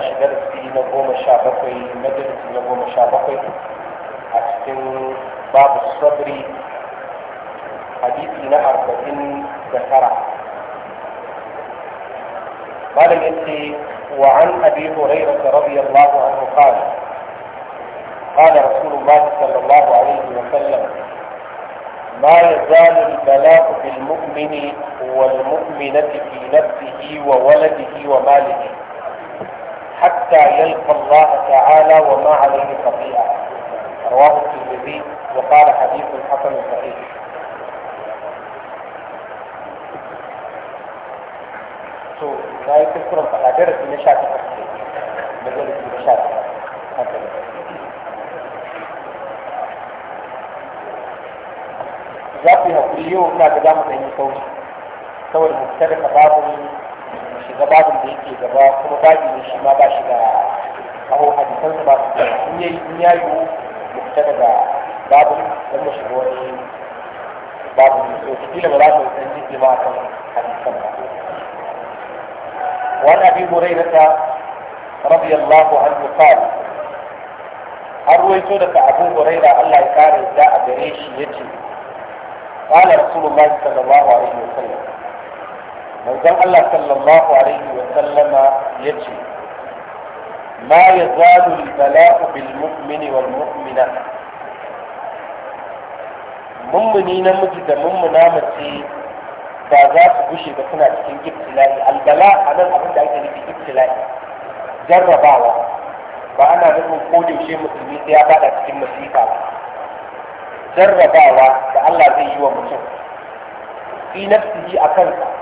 اشګر کې نوو مشابقې مدد کې نوو مشابقې باب صبر حدیث نه اربعین ذکر قال الانسي وعن ابي هريره رضي الله عنه قال قال رسول الله صلى الله عليه وسلم ما يزال البلاء بالمؤمن والمؤمنة في نفسه وولده وماله حتى يلقى الله تعالى وما عليه خطيئة رواه الترمذي وقال حديث حسن صحيح to na yi kuskuren faɗa darasi na sha takwas ne da darasi na sha takwas za ku yi haƙuri yau ina da za mu ɗanyi sauri saboda mu fita daga babu da babin da yake gaba kuma babi ne shi ma ba shi da kawo hadisansa ba su in yayi in ya yiwu mu fita daga babin don mu shiga wani babin ne so kila ba za mu san jiki ma kan hadisan ba وعن ابي هريره رضي الله عنه قال أرويت لك أبو هريرة الله يكاري جاء بريش يجي قال رسول الله صلى الله عليه وسلم manzon Allah sallallahu alaihi wa sallama ya ce. ma ya al-bala'u bil mu'mini wal mu'mina mummuni na miji da mummuna mace ba za su gushe ba suna cikin ibtila'i albala a nan abin da ake nufi ibtila'i jarrabawa ba ana nufin ko yaushe musulmi sai ya bada cikin masifa ba jarrabawa da Allah zai yi wa mutum fi nafsihi a kansa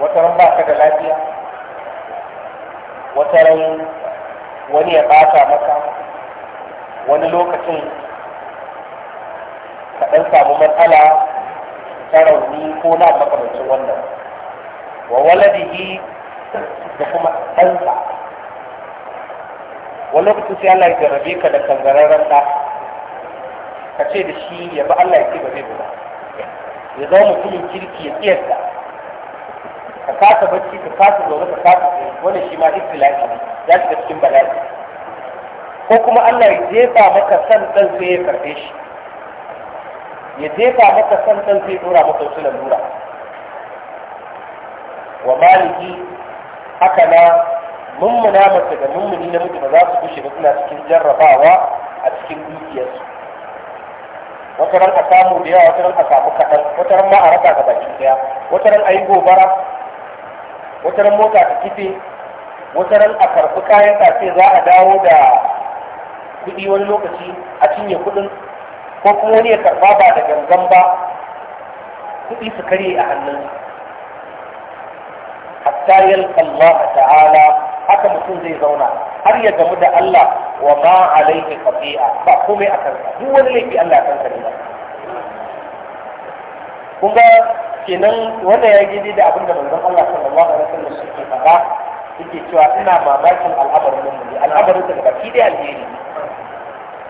wata ran ba ka da lafiya wata ran wani ya bata maka wani lokacin ka ɗan samu matsala ta rauni ko na makamancin wannan wa waladihi da kuma ɗansa wani lokacin sai Allah ya jarabe ka da kangararren ɗa ka ce da shi ya bi Allah ya ce ba zai ba ya zama mutumin kirki ya tsiyarta ka kasa bacci ka kasa zaune ka kasa tsaye wannan shi ma ibtila'i ne ya shiga cikin bala'i ko kuma Allah ya jefa maka san dan sai ya karbe shi ya jefa maka san dan sai ya dora maka wasu lalura wa maliki haka na mummuna mace da mummuni namiji ba za su gushe ba suna cikin jarrabawa a cikin dukiyarsu wata ran a samu da yawa wata ran a samu kaɗan wata ran ma a rasa ga baki ɗaya wata ran a yi gobara wata ran mota ta kife wata ran a karfi kayan kace za a dawo da kuɗi wani lokaci a cinye kuɗin ko kuma wani ya karɓa ba da gangan ba kuɗi su karye a hannun hatta yalqa Allah ta'ala haka mutum zai zauna har ya gamu da Allah wa ma alaihi qati'a ba komai a kansa duk wani laifi Allah ya kansa ne kun ga kenan wanda ya gidi da abin da manzon Allah sallallahu alaihi wasallam suke faɗa suke cewa ina mamakin al'abarin mu al'abarin da baki da alheri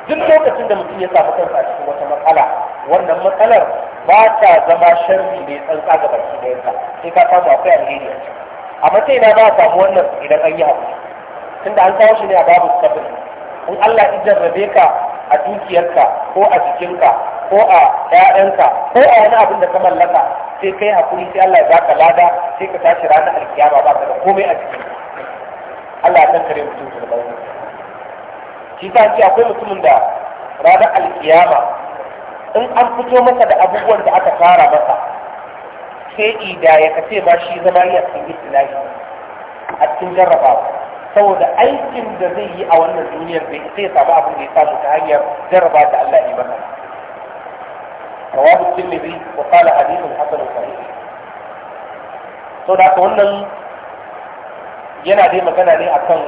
duk lokacin da mutum ya samu kansa a cikin wata matsala wannan matsalar ba ta zama sharri mai tsantsa ga baki da yanka sai ka samu akwai alheri a ciki amma sai na ba samu wannan idan an yi hakuri tunda an kawo shi ne a babu sabir in Allah ya jarrabe ka a dukiyarka ko a jikinka ko a ƴaƴanka ko a wani abin da ka mallaka sai kai hakuri sai Allah ya baka lada sai ka tashi ranar alkiyama ba ka da komai a cikin Allah ya san kare mutum da bayan shi ta ce akwai mutumin da ranar alkiyama in an fito masa da abubuwan da aka fara masa sai ida ya kace ma shi zama ya cikin islahi a cikin jarrabawa saboda aikin da zai yi a wannan duniyar bai sai ya samu abin da ya samu ta hanyar jarraba da Allah ya masa رواه الترمذي وقال حديث حسن صحيح saboda haka wannan yana dai magana ne akan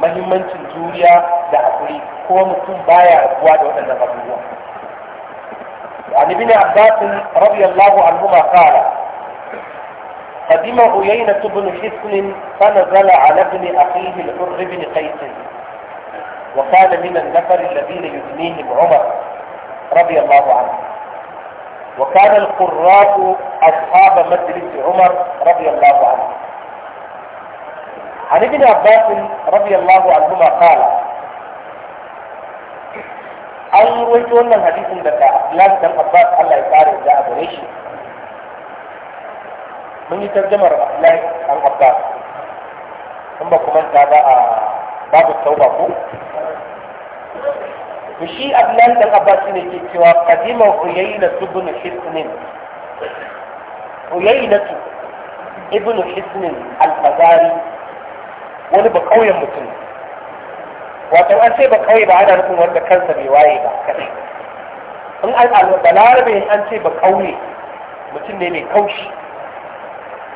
mahimmancin juriya da hakuri ko mutum baya rabuwa da waɗannan abubuwa an ibn abbas radiyallahu anhu ma qala qadima uyayna ibn hisn fa nazala ala ibn akhihi al-hur ibn qais wa qala min an-nafar alladhina yuthnihim umar radiyallahu وكان القراء أصحاب مجلس عمر رضي الله عنه عن ابن عباس رضي الله عنهما قال an ruwaito wannan hadisin daga Abdullahi dan Abbas Allah ya kare da a gare shi mun yi tarjamar Abdullahi dan Abbas kuma kuma ta ba a babu tauba ko to shi abdullahi dan abbas ne ke cewa kadima uyayna ibn hisnin uyayna ibn hisnin al-fazari wani ba kauyen mutum wato an ce ba kauye ba ana nufin wanda kansa bai waye ba kadai in an balarabe an ce ba kauye mutum ne mai kaushi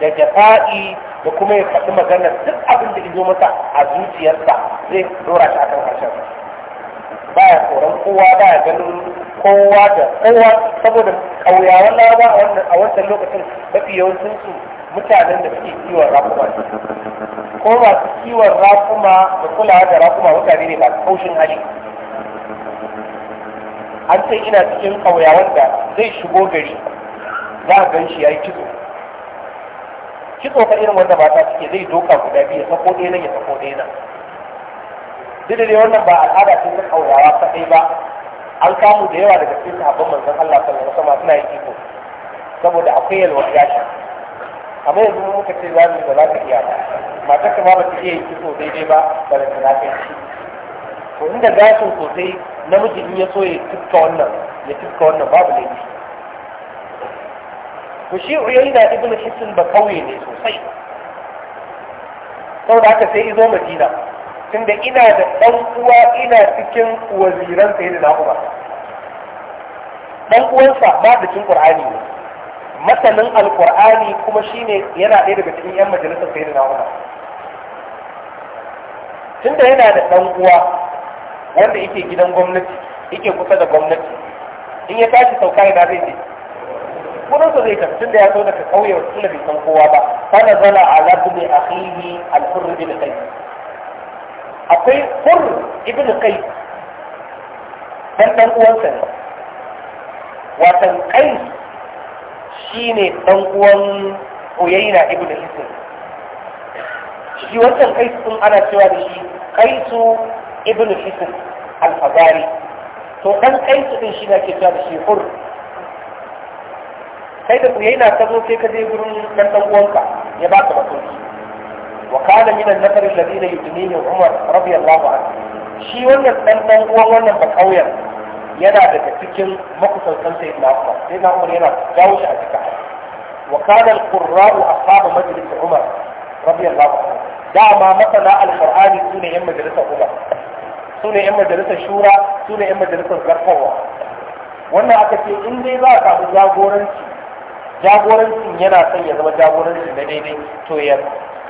da jafa'i da kuma ya faɗi maganar duk abin da ido masa a zuciyarsa zai dora shi a kan harshen Ba baya tsoron kowa ba baya ganin kowa da kowa saboda kauyawan laraba a wancan lokacin mafi yawancin su mutanen da suke kiwon rakuma ko masu kiwon rakuma da kulawa da rakuma mutane ne masu kaushin hali an ce ina cikin kauyawan da zai shigo gari za a gan shi ya yi kitso kitso fa irin wanda mata suke zai doka guda biyu ya sako ɗaya nan ya sako ɗaya nan duk da wannan ba al'ada ce ta kauyawa kai ba an kamu da yawa daga cikin sahabban manzon Allah sallallahu alaihi wasallam suna yin iko saboda akwai yalwar shi. amma yanzu mun muka ce zamu ba za ka iya ba matar ka ma ba ta iya yin iko daidai ba ba da ta kai shi to inda gashin sosai namiji in ya so ya tuka wannan ya tuka wannan babu laifi ku shi uyayna ibnu hisn ba kauye ne sosai saboda haka sai izo madina tunda ina da ɗan uwa ina cikin waziran sayyidina Umar ɗan uwansa ba da cikin Qur'ani ne masanin alqur'ani kuma shine yana ɗaya daga cikin yan majalisar sayyidina Umar tunda yana da ɗan uwa wanda yake gidan gwamnati yake kusa da gwamnati in ya tashi sauka ina zai je gudun sa zai tafi tunda ya zo daga kauye tunda bai san kowa ba fa a ala ne akhihi al-hurr bin kai. akwai hur ibn kai dan dan uwansa ne watan kai shine dan uwan uyayna ibn hisn shi wancan kai sun ana cewa da shi kaisu ibn hisn al-fadari to dan kaisu din shi ne ke cewa da shi hur kai da uyayna ta zo sai ka je gurin dan dan uwanka ya baka makoki وكان من النفر الذين يدنيه عمر رضي الله عنه shi wannan dan dan uwan wannan bakauyen yana daga cikin makusantan sai na Umar sai na Umar yana jawo shi a cikin wa kana al-qurra'u ashabu Umar radiyallahu anhu dama masana al-qur'ani yan majalisar Umar sune yan majalisar shura sune yan wannan aka ce in dai za ka samu jagoranci jagorancin yana son ya zama jagorancin na daidai to ya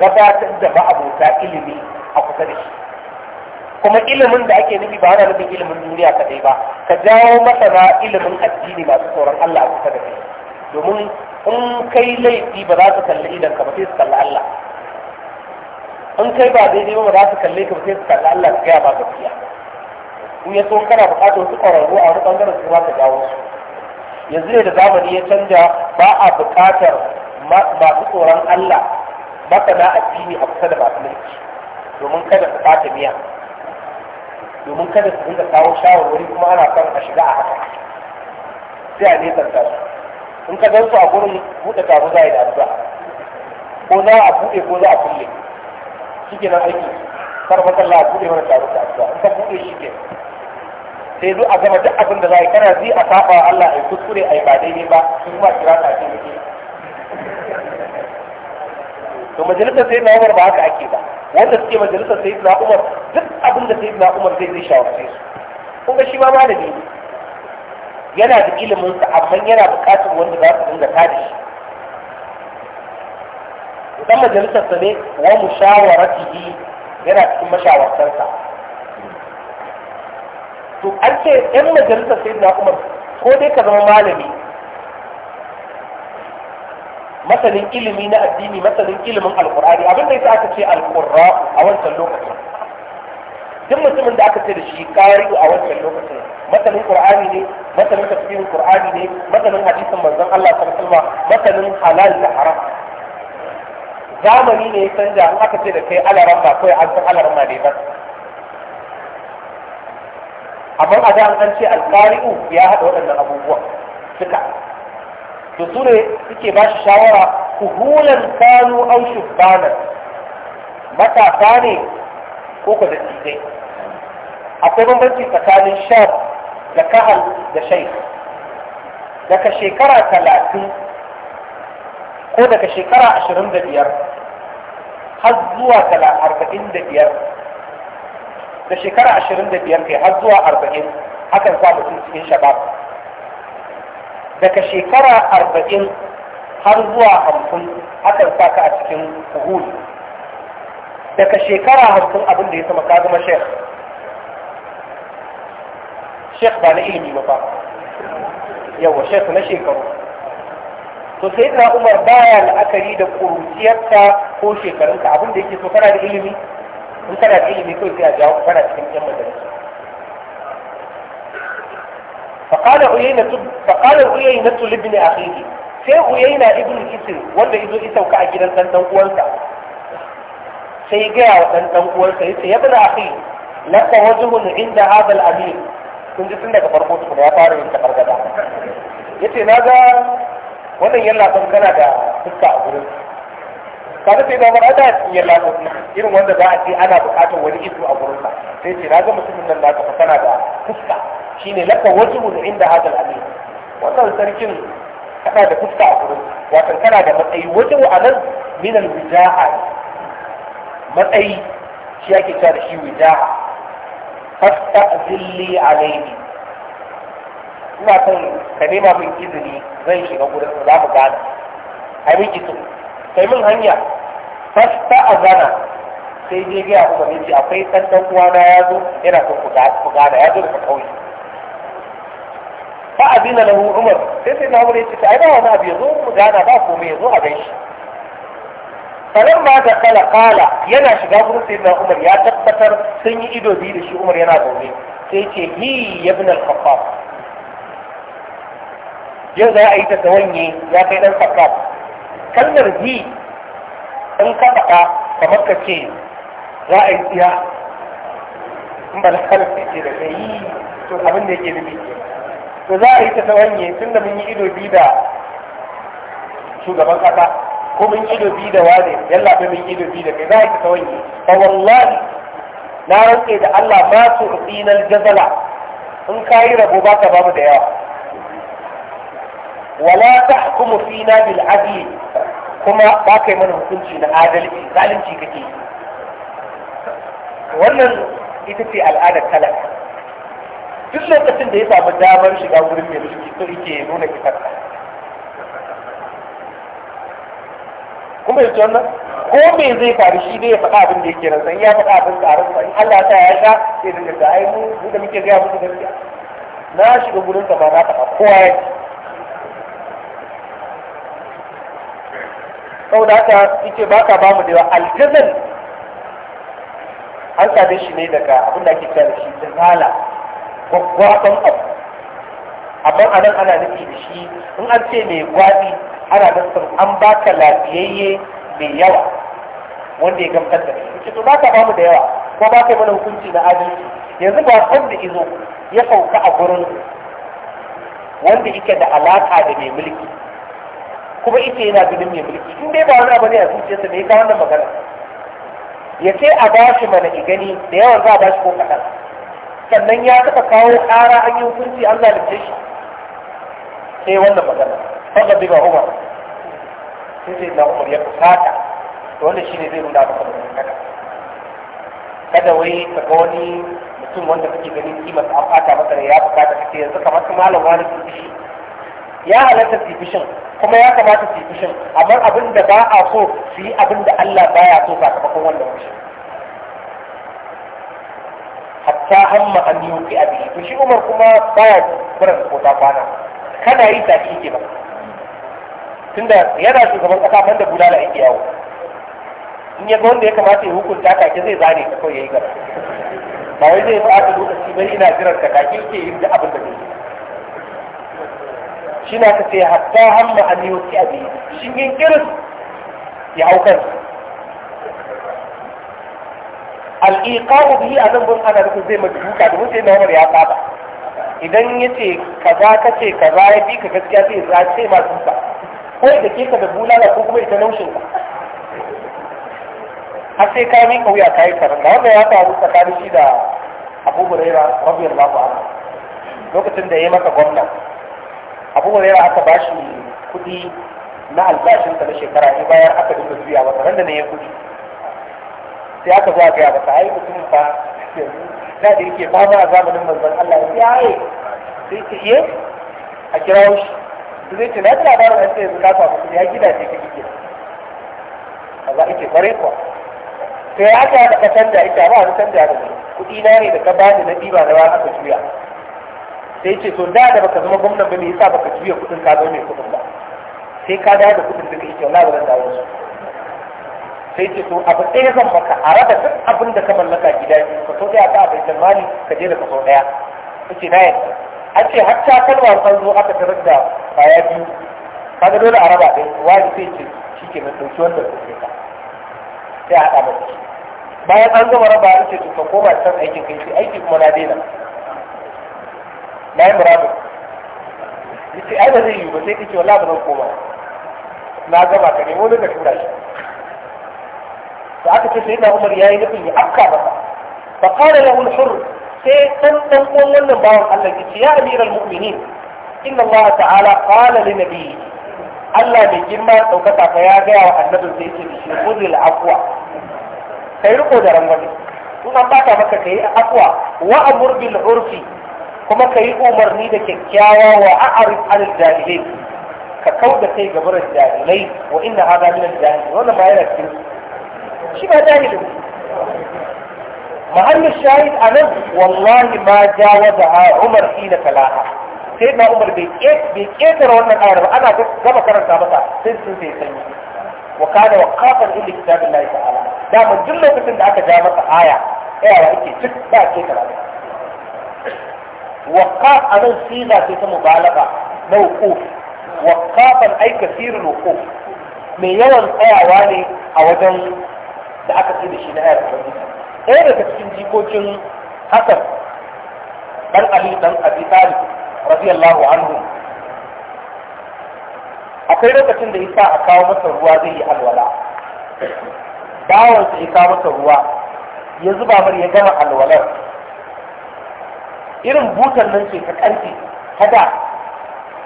gabatar da ma'abota ilimi a kusa da shi kuma ilimin da ake nufi ba ana nufin ilimin duniya kadai ba ka jawo masana ilimin addini masu tsoron Allah a kusa da kai domin in kai laifi ba za su kalli idan ka ba sai su kalli Allah in kai ba daidai ba za su kalle ka ba sai su kalli Allah su gaya ba gaskiya in ya so kana buƙatar wasu ƙwararru a wani ɓangaren su ba ka jawo su yanzu ne da zamani ya canja ba a buƙatar masu tsoron Allah masana addini a kusa da masu mulki domin kada su ɓata miya domin kada su dinga kawo shawarwari kuma ana son a shiga a haka sai a nesanta su in ka gansu a gurin buɗe taro za a yi da addu'a ko za a buɗe ko za a kulle shi kenan aiki kar matsala a buɗe mana taro da addu'a in ka buɗe shi kenan sai zo a gama duk abin da za yi kana ji a saba wa Allah ai kuskure ai ba daidai ba in ba kira ka ce ke. to majalisa sai na Umar ba haka ake ba wanda suke majalisa sai na Umar duk abin da sai na Umar zai zai shawarce su kuma shi ma malami ne yana da ilimin sa amma yana buƙatar wanda za su dinga tada shi dan majalisar sa ne wa mushawaratihi yana cikin mashawartansa to an ce yan majalisar sai na umar ko dai ka zama malami masanin ilimi na addini masanin ilimin alkur'ani abin da yasa aka ce alkurra a wancan lokacin duk mutumin da aka ce da shi ƙari'u a wancan lokacin masanin qur'ani ne masanin tafsirin qur'ani ne masanin hadisin manzon Allah sallallahu alaihi masanin halal da haram zamani ne ya canja an aka ce da kai alaran ba kai an san alaran ma ne ba amma a da an ce alƙari'u ya haɗa waɗannan abubuwan suka. to su ne suke ba shi shawara hulan kanu au shubbanan matasa ne ko ku da tsidai akwai bambanci tsakanin shaf da kahal da shai. daga shekara talatin ko daga shekara ashirin da biyar har zuwa arba'in da biyar da shekara ashirin da biyar kai har zuwa arba'in hakan sa mutum cikin shabab daga shekara arba'in har zuwa hamsin akan sa ka a cikin kuhul daga shekara hamsin abin da ya sama ka zama shek Shekh ba na ilimi ba yawa shek na shekaru to sai na umar baya la'akari da kuruciyarka ko shekarunka abin da yake so kana da ilimi in kana da ilimi kawai sai a jawo kana cikin yan majalisa فقال عيينة فقال عيينة لابن أخيه sai uyaina ibn kisir wanda izo ya sauka a gidan dan dan uwansa sai ya gaya wa dan dan uwansa yace ya bada akhi laka wajhun inda hadha al-amir kun ji tun daga farko tukuna ya fara yin tabargada yace na ga wannan yalla ban kana da fuska a gurin kaga sai zama mara da cikin yalla ko irin wanda za a ce ana bukatar wani ido a gurin sa sai ce na ga mutumin nan da naka tana da fuska shine laka wajhun inda hadal amin wannan sarkin kana da fuska a gurin wato kana da matsayi wajhu anan min al wijaha matsayi shi ake cewa da shi wijaha fastazilli alayhi ina son ka nema min izini zan shiga gurin za mu gane. a yi min izini kai min hanya fasta azana sai je gaya kuma ne ce akwai ɗanɗan ɗan uwana ya zo yana son ku gana ya zo daga kauye fa azina lahu umar sai sai na umar ya ce ai ba wani abu ya zo mu gana ba komai ya zo a shi. falan ma da kala kala yana shiga gurin sai na umar ya tabbatar sun yi ido biyu da shi umar yana zaune sai ce hi ya bin al-khattab yau za a yi ta tawanye ya kai ɗan khattab kalmar hi in ka faɗa kamar ka ce za a yi tsiya in ba na lalace ce da kai yi to abin da yake nufi to za a yi ta tsawon tun da mun yi ido biyu da shugaban kasa ko mun yi ido biyu da wane yalla bai mun yi ido biyu da kai za a yi ta tsawon fa wallahi na rantse da Allah ma su rubinan jazala in ka yi rabo ba ka bamu da yawa wala tahkumu fina bil adli kuma ba ka yi mana hukunci na adalci zalunci kake yi wannan ita ce al'adar talaka duk lokacin da ya samu damar shiga wurin mai mulki to yake nuna fitarsa kuma yanzu wannan ko me zai faru shi ne ya faɗa abin da yake rantsan ya faɗa abin da ransa in Allah ta ya sha sai da ga ai mu da muke ga muku gaskiya na shiga gurin sa ba na faɗa kowa ya saboda haka yake baka ba mu da yawa aljazal an same shi ne daga abin da ake kira shi jazala gwaggwaban abu amma a nan ana nufi da shi in an ce mai gwabi ana nufin an baka lafiyayye mai yawa wanda ya gamfar da shi to baka ba mu da yawa ko baka yi mana hukunci na adalci yanzu ba wanda izo ya sauka a gurin wanda yake da alaka da mai mulki kuma ita yana gudun mai mulki in dai ba wani abu ne a zuciyarsa mai ya wannan magana ya ce a ba shi mana gani. da yawan za a ba shi ko kaɗan sannan ya taɓa kawo ƙara an yi hukunci an zalunce shi sai wannan magana fanga bi ba umar sai sai na umar ya fusata to wanda shi ne zai nuna maka mutum kada kada wai ka ga wani mutum wanda kake ganin kima an fata masa ya fusata kake yanzu kamar su malam wani ya halatta tsibishin kuma ya kamata su yi fushin amma abin da ba a so su yi abin da Allah baya so sakamakon wannan fushin hatta hamma an yi wuki abin to shi umar kuma ya buran ko ta kwana kana yi ta ke ba tunda yana shugaban kasa banda bulala yake yawo in ya ga wanda ya kamata ya hukunta kake zai zane ka kawai ya yi gaba ba wai zai fi a lokaci bai ina jiran ka kake ke yin da abin da zai yi shi na kace hatta hamma an a abi shi yin kirin ya haukar al-iqa'u a nan gun ana da zai maka duka domin sai Umar ya saba idan yace kaza ce kaza ya bi ka gaskiya sai za ce ma duka ko da ke ka da bulala ko kuma ita naushin ka har sai ka miƙa wuya ka yi faranta. wanda ya faru tsakanin shi da Abu Hurairah rabiyar lafa lokacin da ya maka gwamnati abu huraira aka bashi kudi na albashinsa na shekara ne bayar aka dinga juya masa ran ne ya kuɗi sai aka zo a gaya masa ai mutumin fa da da yake fama a zamanin manzon Allah ya yi sai ce iye a kira shi zai ce na ji labarin an ce yanzu ka samu ya har gidaje ka kike a za ake bare kuwa sai aka da ka canja ita ba wani canja da kuɗi na ne da ka bani na diba da ba aka juya sai ce to da da baka zama gwamnan ba me yasa baka juya kudin ka zama mai kudin ba sai ka dawo da kudin duka kyau wallahi ba dawo su sai ce to abu ɗaya zan maka a raba duk abin da ka mallaka gida biyu ka sau ɗaya ka a baitul mali ka je da kaso ɗaya kace na yadda an ce har ta san zo aka tarar da baya biyu ga dole a raba ɗaya wani sai ce shi ke mai ɗauki wanda kuke ka sai a haɗa mata bayan an gama raba an ce to ka koma can aikin kai sai aiki kuma na daina na yi murabus ya ce ai ba zai yi ba sai kace wallahi ba zan koma na gama ka nemo da ka tura shi da aka ce sai na umar ya yi nufin ya afka masa fa qala lahu al-hurr sai dan dan uwan wannan bawan Allah ya ce ya amiral mu'minin inna Allah ta'ala qala li nabiyyi Allah mai girma ɗaukaka fa ya gaya wa annabin sai ce shi kuzil afwa kai riko da rangwame in an bata maka kai afwa wa amur bil urfi kuma ka yi umarni da kyakkyawa wa a'arif anil jahilai ka kau da kai gabar jahilai wa inna hada min al-jahil wannan ba yana cikin shi ba jahilin mahallin shahid a nan wallahi ma jawaza umar ina talaha sai na umar bai ƙetare wannan ayar ba ana gama karanta masa sai sun sai sanyi wa kana wa kafan inda kitabin lahi ta'ala da mun duk lokacin da aka ja masa aya tsayawa ake cik ba a ƙetara waqa a nan siga ce ta mubalaga na wuquf waqafan ay kasirul wuquf mai yawan tsayawa ne a wajen da aka ce da shi na ayar ubangiji ɗaya daga cikin jikokin hasan dan ali dan abi talib radiyallahu anhu lokacin da isa a kawo masa ruwa zai yi alwala bawansa ya kawo masa ruwa ya zuba mar ya gama alwalar irin butar nan ce ta ƙarfi kada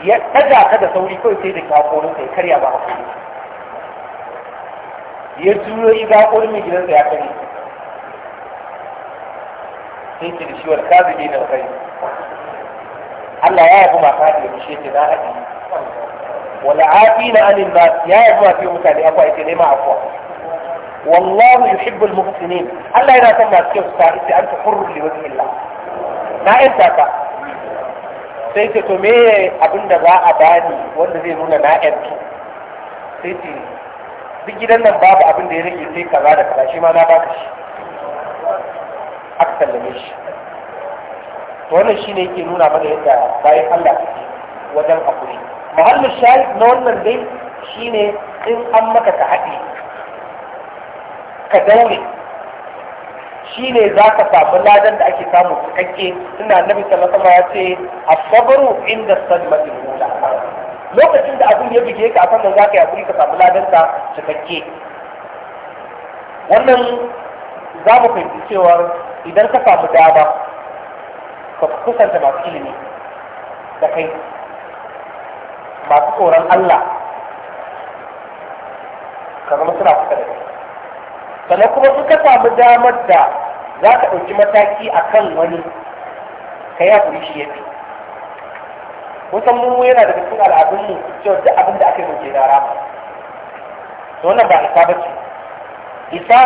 ya ɗaga ka da sauri kawai sai da hakorin ya karya ba hakori ya juyo yi hakorin mai gidansa ya kare sai ki da shi wani kazi ne na kai Allah ya yabi mata da yabi shi ce na haɗi wala afina anin nas ya yabi masu yau mutane akwa ita ne ma akwa wallahu yuhibbul muhsinin Allah yana son masu kyau su ta an ta hurru li wajhi Allah na yanta ka sai ce to me abin da za a bani wanda zai nuna na yanta sai ce duk gidan nan babu abin da ya rage sai kaza da kaza shi ma na baka shi aka sallame shi To wannan shi ne yake nuna mana yadda bayan Allah wajen hakuri muhallin shayi na wannan dai ne in an maka ka haɗe ka daure shi ne za ka samu ladan da ake samu cikakke suna annabi sallallahu alaihi wasallam ya ce sabaru inda salmatul ula lokacin da abin ya bige ka a nan za ka yi hakuri ka samu ladan ka cikakke wannan za mu fahimci cewa idan ka samu dama ka kusanta masu ilimi da kai masu tsoron Allah ka zama suna kusa da kai sannan kuma suka samu damar da za ka ɗauki mataki a kan wani ka ya kuri shi ya fi kusan mu yana daga cikin al'adunmu cewa duk abin da aka yi muke da rama to wannan ba isa ba ce isa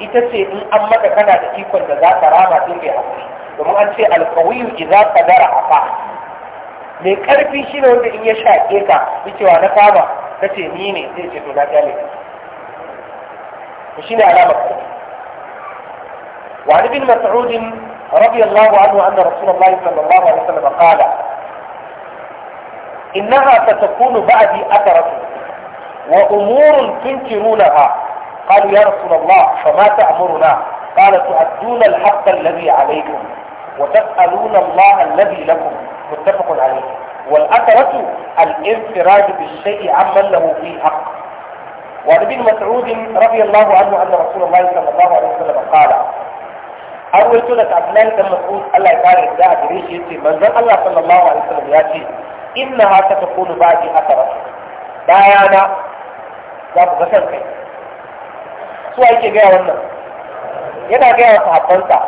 ita ce in an maka kana da ikon da za ka rama sun bai haƙuri domin an ce ka idza a fa mai ƙarfi shi ne wanda in ya shaƙe ka cewa na kama ce ni ne zai ce to na kyale ku ne alamar ƙarfi وعن ابن مسعود رضي الله عنه أن رسول الله صلى الله عليه وسلم قال إنها ستكون بعدي أثرة وأمور تنكرونها قالوا يا رسول الله فما تأمرنا قال تؤدون الحق الذي عليكم وتسألون الله الذي لكم متفق عليه والأثرة الانفراد بالشيء عمن له فيه حق وعن ابن مسعود رضي الله عنه أن رسول الله صلى الله عليه وسلم قال an wato daga Abdullahi dan Mas'ud Allah ya kare da a gare shi yace manzon Allah sallallahu alaihi wasallam ya ce inna ha ta takunu ba'di baya na za ku ga san kai su ake gaya wannan yana gaya wa sahabbansa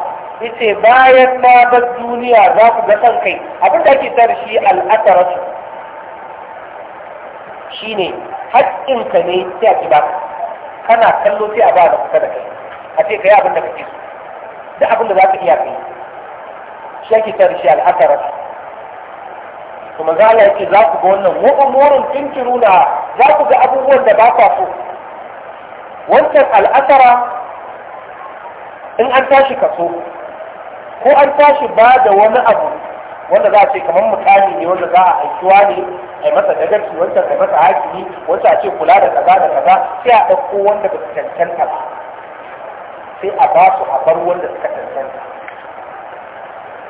yace bayan na bar duniya za ku ga san kai abin da ake tar shi al'asara shine haƙƙinka ne sai a ji baka kana kallo sai a ba da kusa da kai a ce kai abin da kake so duk abin da za ka iya kai shi ake tare shi al'akarar kuma za Allah yake za ku ga wannan mu'umurin tunkiruna za ku ga abubuwan da ba ka so wancan al'akara in an tashi kaso ko an tashi ba da wani abu wanda za a ce kamar mutane ne wanda za a aikiwa ne a masa dagarci wancan a masa hakimi wancan a ce kula da kaza da kaza sai a ɗauko wanda ba su cancanta ba sai a ba su a bar wanda suka tantanta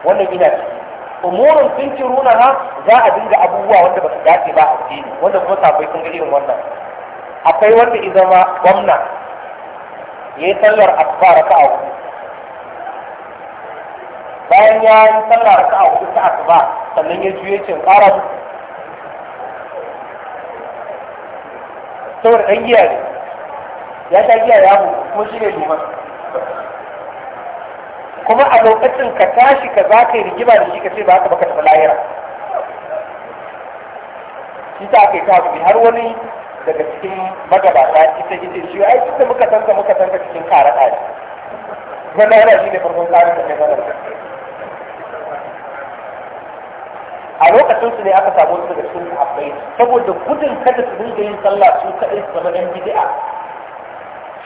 wannan ina ce. umurin tunci runa ha za a dinga abubuwa wanda ba su dace ba a addini wanda kuma sabai sun gari wannan akwai wanda ya zama gwamna ya yi sallar asuba raka a hudu bayan ya yi sallar raka a hudu ta asuba sannan ya juye cin ƙara saboda ɗan giya ne ya sha giya ya mu kuma shi ne liman kuma a lokacin ka tashi ka za ka yi rigima da shi ka ce ba ka baka tafi lahira shi ta aka yi ta har wani daga cikin magabata ita ita shi ai tun da muka tanka muka tanka cikin kara kare wannan yana shi ne farkon karin da kai a lokacin su ne aka samu su daga cikin abai saboda gudun kada su dinga yin sallah su kaɗai su zama ɗan bid'a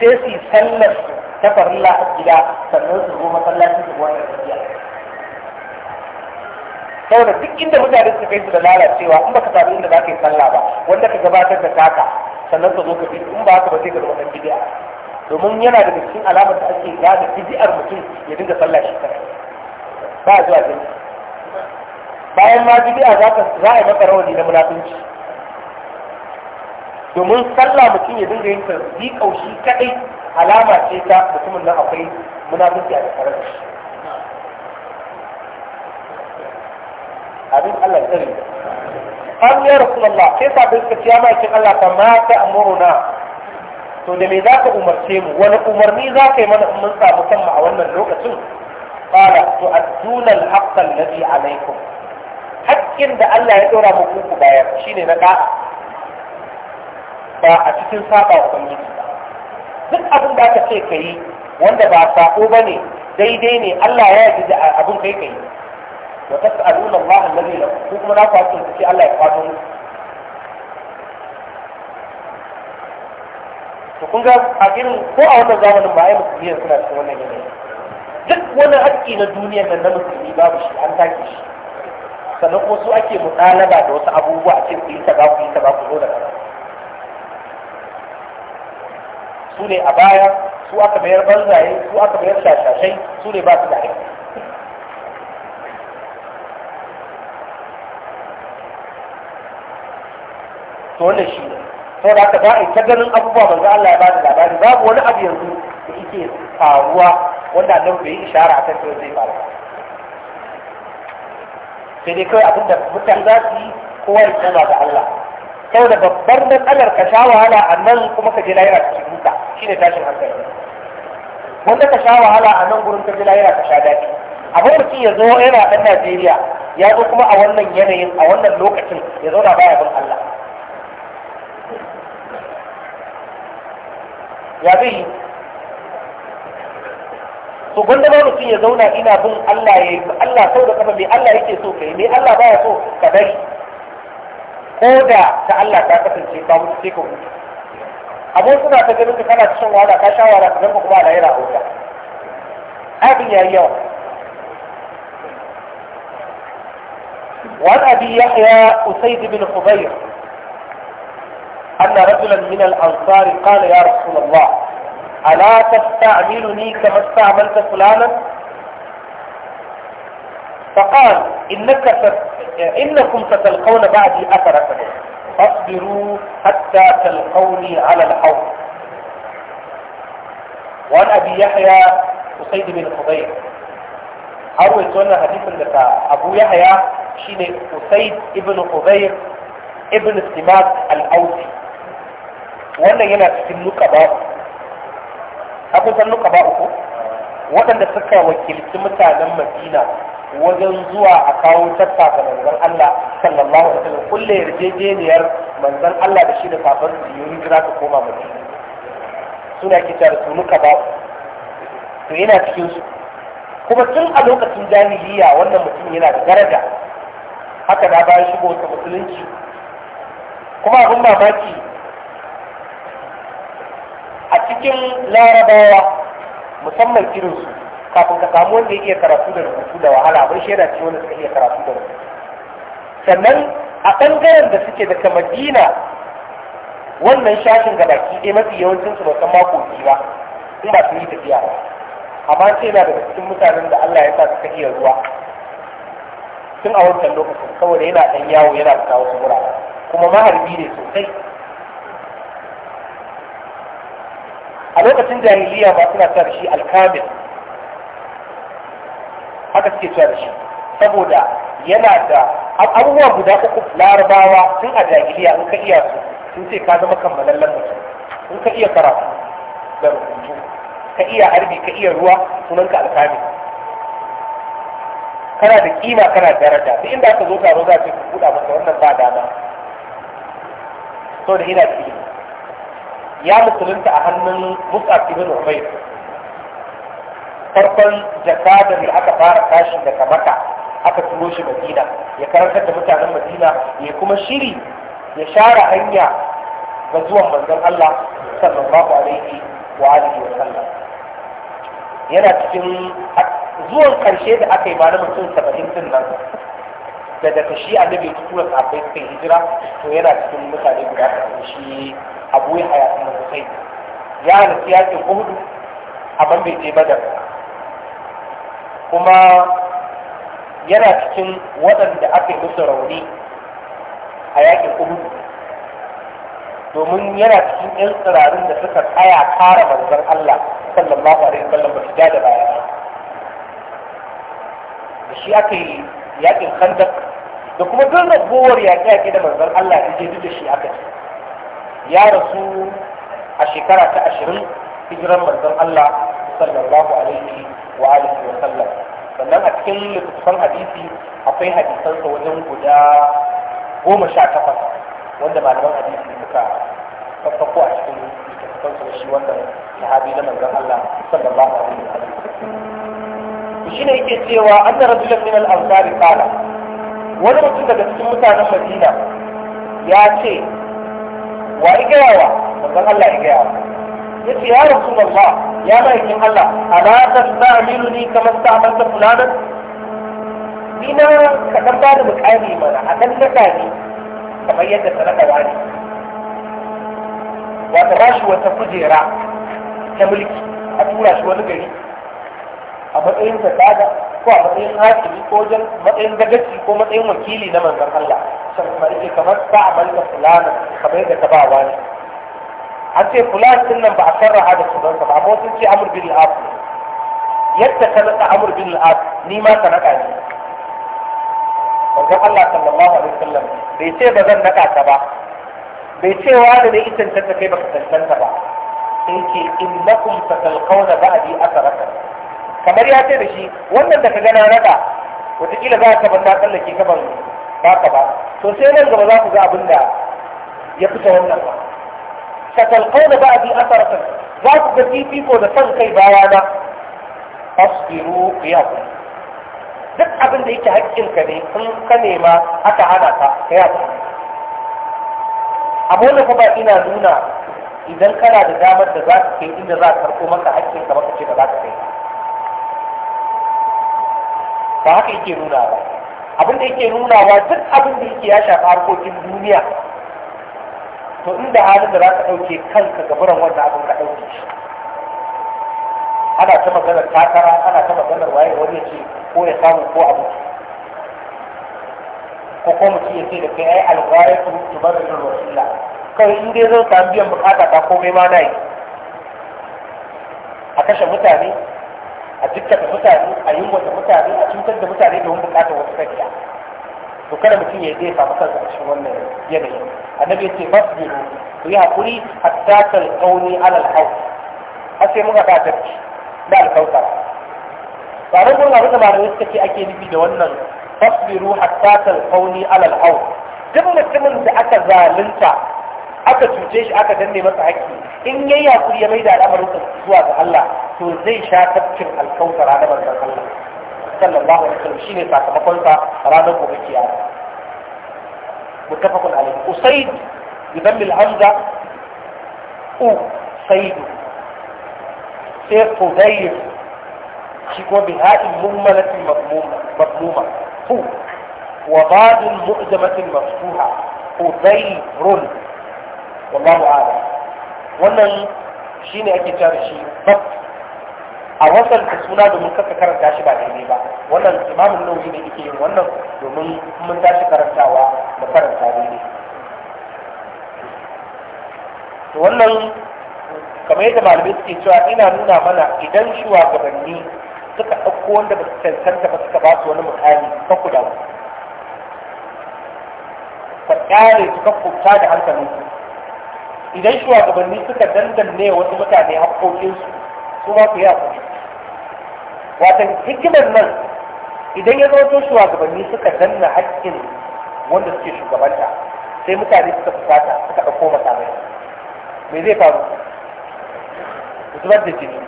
sai su yi sallar su ta farilla a gida sannan su zo masallacin su wannan tafiya saboda duk inda mutane su kai su da lalacewa in baka samu inda za ka yi sallah ba wanda ka gabatar da taka sannan su zo ka bi in ba ka ba sai ka zama bid'a domin yana daga cikin alamar da ake gane bid'ar mutum ya dinga sallah shi kadai ba zuwa jami'a bayan ma bid'a za ka za a yi maka rawani na munafunci domin sallah mutum ya dinga yin ta bi kaushi kadai alama ce ta mutumin nan akwai munafiki a tattare da shi abin Allah ya tsare ya rasulullah sai sabbin suka ce ya ma'aikin Allah ka mata amuruna to da me za ka umarce mu wani umarni za ka yi mana mun samu kanmu a wannan lokacin qala tu'adduna al-haqqa alladhi alaykum haƙƙin da Allah ya ɗora muku ku bayar shine na da'a ba a cikin saba wa duk abin da aka ce ka yi wanda ba sako ba ne daidai ne Allah ya yi da abin kai ka yi wa ta sa'adun Allah allazi la ku kuma na kwato su ce Allah ya kwato mu to kun ga a irin ko a wannan zamanin ba ai yin suna cikin wannan yanayi duk wani haƙƙi na duniya nan na musulmi babu shi an take shi sannan kuma su ake mutalaba da wasu abubuwa a cikin ku ta ba ku yi ta ba ku zo da kaza su ne a baya su aka mayar banzaye su aka mayar shashashai su ne ba su da aiki to wannan shi ne sau da aka ba'a ta ganin abubuwa manzo Allah ya bada labari babu wani abu yanzu da yake faruwa wanda nan bai yi ishara a sai zai faru sai dai kawai abinda mutane za su yi kowa ya koma ga Allah da babbar matsalar ka sha wahala a nan kuma ka je lahira ka cikin duka shine tashin hankali wanda ka sha wahala a nan gurin ka je lahira ka sha daɗi abin mutum ya zo yana ɗan Najeriya ya zo kuma a wannan yanayin a wannan lokacin ya zauna baya bin Allah ya zai yi to gwanda ba mutum ya zauna ina bin Allah ya yi Allah sau da kafa me Allah yake so ka yi me Allah baya so ka bari ko da ta Allah ta kasance ka mutu sai ka mutu abin suna ta ganin kana cikin wahala ka sha wahala ka zama kuma alayyar a wuta abin ya yi yawa وعن أبي يحيى أسيد بن حبير أن رجلا من الأنصار قال يا رسول الله ألا تستعملني كما استعملت فلانا فقال إنك إنكم ستلقون بعدي أثرة فاصبروا حتى تلقوني على الحوض وعن أبي يحيى أسيد بن خضير اول لنا حديث لك أبو يحيى شين أسيد بن خضير ابن سماك الأوسي وأنا هنا في النقباء أبو سنقباء waɗanda وكيل سمتا لما دينا wajen zuwa a kawo tatta ga manzon Allah sallallahu alaihi wasallam kulle yarjejeniyar manzon Allah da shi da kafin su yi hijira koma Madina suna kitar sunuka ba to yana cikin su kuma tun a lokacin jahiliya wannan mutum yana da daraja haka na bayan shigo ta musulunci kuma abin mamaki a cikin larabawa musamman irinsu kafin ka samu wanda ya iya karatu da rubutu da wahala shi yana ce wanda suka iya karatu da rubutu sannan a ɓangaren da suke daga madina wannan shashin ga baki ɗaya mafi yawancin su san mako biyu ba in ba su yi tafiya ba amma sai yana daga cikin mutanen da Allah ya sa suka iya ruwa tun a wancan lokacin saboda yana ɗan yawo yana fita wasu wurare kuma maharbi ne sosai a lokacin jahiliya ba suna sa shi alkamil haka suke cewa da shi saboda yana da abubuwa guda uku larabawa tun a jahiliya in ka iya su sun ce ka zama kammalallen mutum in ka iya karatu da rubutu ka iya harbi ka iya ruwa ka alkami kana da kima kana da daraja duk inda aka zo taro za ce ku buɗa maka wannan ba dama saboda da ina da ya musulunta a hannun musa ibn Umayr farkon jaka da aka fara tashin daga maka aka turo shi madina ya karantar da mutanen madina ya kuma shiri ya share hanya ga zuwan manzon Allah sallallahu alaihi wa alihi wa sallam yana cikin zuwan karshe da aka yi ba na mutum saba'in din nan da daga shi annabi ta tura sahabbai suka hijira to yana cikin mutane guda ta shi abu ya haya da sai ya halatta yakin uhudu a bai je badar kuma yana cikin waɗanda aka yi musu rauni a yakin uhud domin yana cikin yan tsirarin da suka tsaya kare manzon Allah sallallahu alaihi wasallam ba su ja da baya da shi aka yi yakin khandak da kuma duk ragowar yaƙe-yaƙe da manzon Allah ya je duk da shi aka ci ya rasu a shekara ta ashirin hijiran manzon Allah sallallahu alaihi wa alihi wa sallam sannan a cikin littattafan hadisi akwai hadisansa wajen guda goma sha takwas wanda malaman hadisi suka sassako a cikin littattafansa da shi wannan sahabi na manzon Allah sallallahu alaihi wa sallam shi ne yake cewa anna rajulan min al-ansari qala wani mutum daga cikin mutanen Madina ya ce wa igawa manzon Allah igawa قلت يا رسول الله يا رسول الله ألا تستعملني كما استعملت فلانا لنا كما دار مكاني مانا أدل مكاني تميز سنك واني وأتراش وتفجر كملك أتراش ونقري أما إن تتعدى ko a matsayin hakimi ko jan matsayin gagaci ko matsayin wakili na manzon Allah sai mai kamar ba amal da fulana kamar da ta ba wani an ce fulan din nan ba a sarraha da su ba amma sun ce amur bin al'ab yadda ka naɗa amur bin al'ab ni ma ka naɗa ni wajen Allah sallallahu alaihi wasallam bai ce ba zan naɗa ka ba bai ce wa da yi cancanta kai baka cancanta ba sai ce innakum satalqawna ba'di asaraka kamar ya ce da shi wannan da ka gana naɗa wataƙila za ka taɓa na tsallake ka ban ba ka ba to sai nan gaba za ku ga abin da ya fita wannan ba ba za فتلقون بعدي أثرة da san kai baya na asiru ya قياكم duk abin da yake ka ne sun ka nema aka hana ka ka yata abu wanda kuma ina nuna idan kana da damar da za ka kai inda za ka karko maka ka maka ce da za ka kai ba haka yake nuna ba abin da yake ba duk abin da yake ya shafi harkokin duniya to inda halin da za ka ɗauke kanka gaburan wannan abin ka ɗauke shi ana ta maganar takara ana ta maganar waye wani ya ce ko ya samu ko abu ko ko mutum ya ce da kai ai alwaya mutu bar da wasila kai in dai zan samu biyan bukata ta komai ma na yi a kashe mutane a jikkata mutane a yunwata mutane a cutar da mutane domin bukatar wasu tafiya to kada mutum ya zai samu kansa a cikin wannan yanayi annabi ya ce fasbiru ku yi haƙuri hatta talqauni ala al-haus har sai muka haɗa tafki da al ba ran gurin abin da malamai suka ce ake nufi da wannan fasbiru hatta talqauni ala al-haus duk mutumin da aka zalunta aka cuce shi aka danne masa haƙƙi in yayi haƙuri ya maida al'amarin zuwa ga Allah to zai sha tafkin al-kautar na manzon Allah صلى الله عليه وسلم شيء قلت فرادو بوكيا متفق عليه أسيد بضم الهمزة أو سيد سيد فضير شكوى بهاء مهملة مضمومة هو وضاد مؤزمة مفتوحة فضير والله أعلم ونن شيني أكي تارشي بطف a wasan da suna domin kaka karanta shi ba daidai ba wannan imamun nauyi ne yake yin wannan domin mun tashi karantawa da karanta daidai to wannan kamar yadda malamai suke cewa ina nuna mana idan shugabanni suka ɗauko wanda ba su cancanta ba suka ba su wani mukami ka ku damu ka ƙare su ka kuta da hankalinku idan shugabanni suka dandanne wasu mutane haƙƙoƙinsu kuma ku yi hakuri watan hikimar nan idan ya zo shugabanni suka danna haƙƙin wanda suke shugabanta sai mutane suka fusata suka ɗauko makamai me zai faru zubar da jini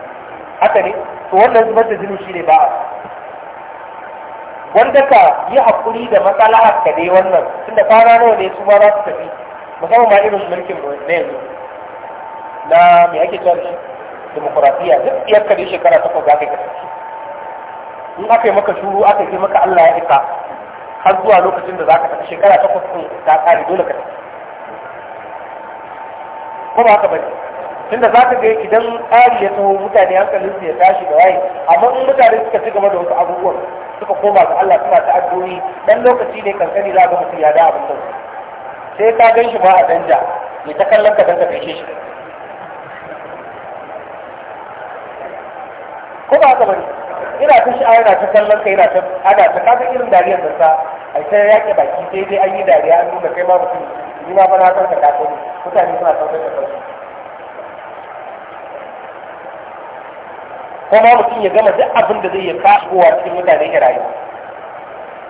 haka ne to wannan zubar da jini shine ba a wanda ka yi haƙuri da matsala ka dai wannan tunda fara nawa ne su ma za su tafi musamman ma irin mulkin na yanzu na me ake cewa shi demokuraɗiyya duk iya ka shekara takwas za ka yi kasance in aka yi maka shuru aka yi maka Allah ya isa har zuwa lokacin da za ka tafi shekara takwas ɗin ta ƙare dole ka tafi ko ba haka bari? tunda za ka ga idan tsari ya taho mutane hankalin su ya tashi da waye amma in mutane suka ci gaba da wasu abubuwan suka koma ga Allah suna ta addu'o'i dan lokaci ne kankani za ga mutum ya da abin sai ka gan shi ba a danja ne ta kallon ka dan ka gaishe shi ko ba ka bari ina ta sha'awa ina ta kallon ka ina ta ana ta kaga irin dariyar da sa a ya ke baki sai dai an yi dariya an nuna kai ma mutum ni ma bana san ka kafa mutane suna san ka kafa ko ma mutum ya gama duk abin da zai ya kashuwa cikin mutane ya rayu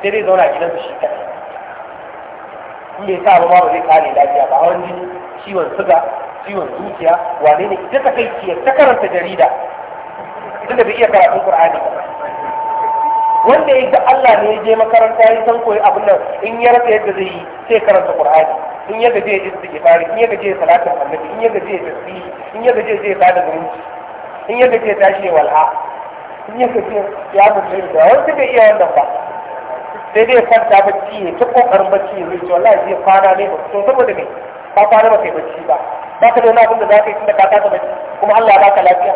sai dai zauna su shi ka. in bai sa ba ba zai kare lafiya ba hawan jini ciwon suga ciwon zuciya wane ne ita ta kai ta karanta jarida tunda bai iya karatun Qur'ani wanda ya ga Allah ne ya je makaranta ya san koyi abin nan in ya rasa yadda zai yi sai karanta Qur'ani in ya gaje ya fari in ya gaje ya salatin annabi in ya gaje ya tasbih in ya gaje zai bada zumunci in ya gaje ya tashi wal'a in ya gaje ya mutu da wanda bai iya wannan ba sai dai kwanta bacci ya ta kokarin bacci ya zai ce wallahi zai kwana ne ba to saboda me ba kwana ba kai bacci ba ba ka da wani abin da za ka yi tunda ka kasa bacci kuma Allah ya ka lafiya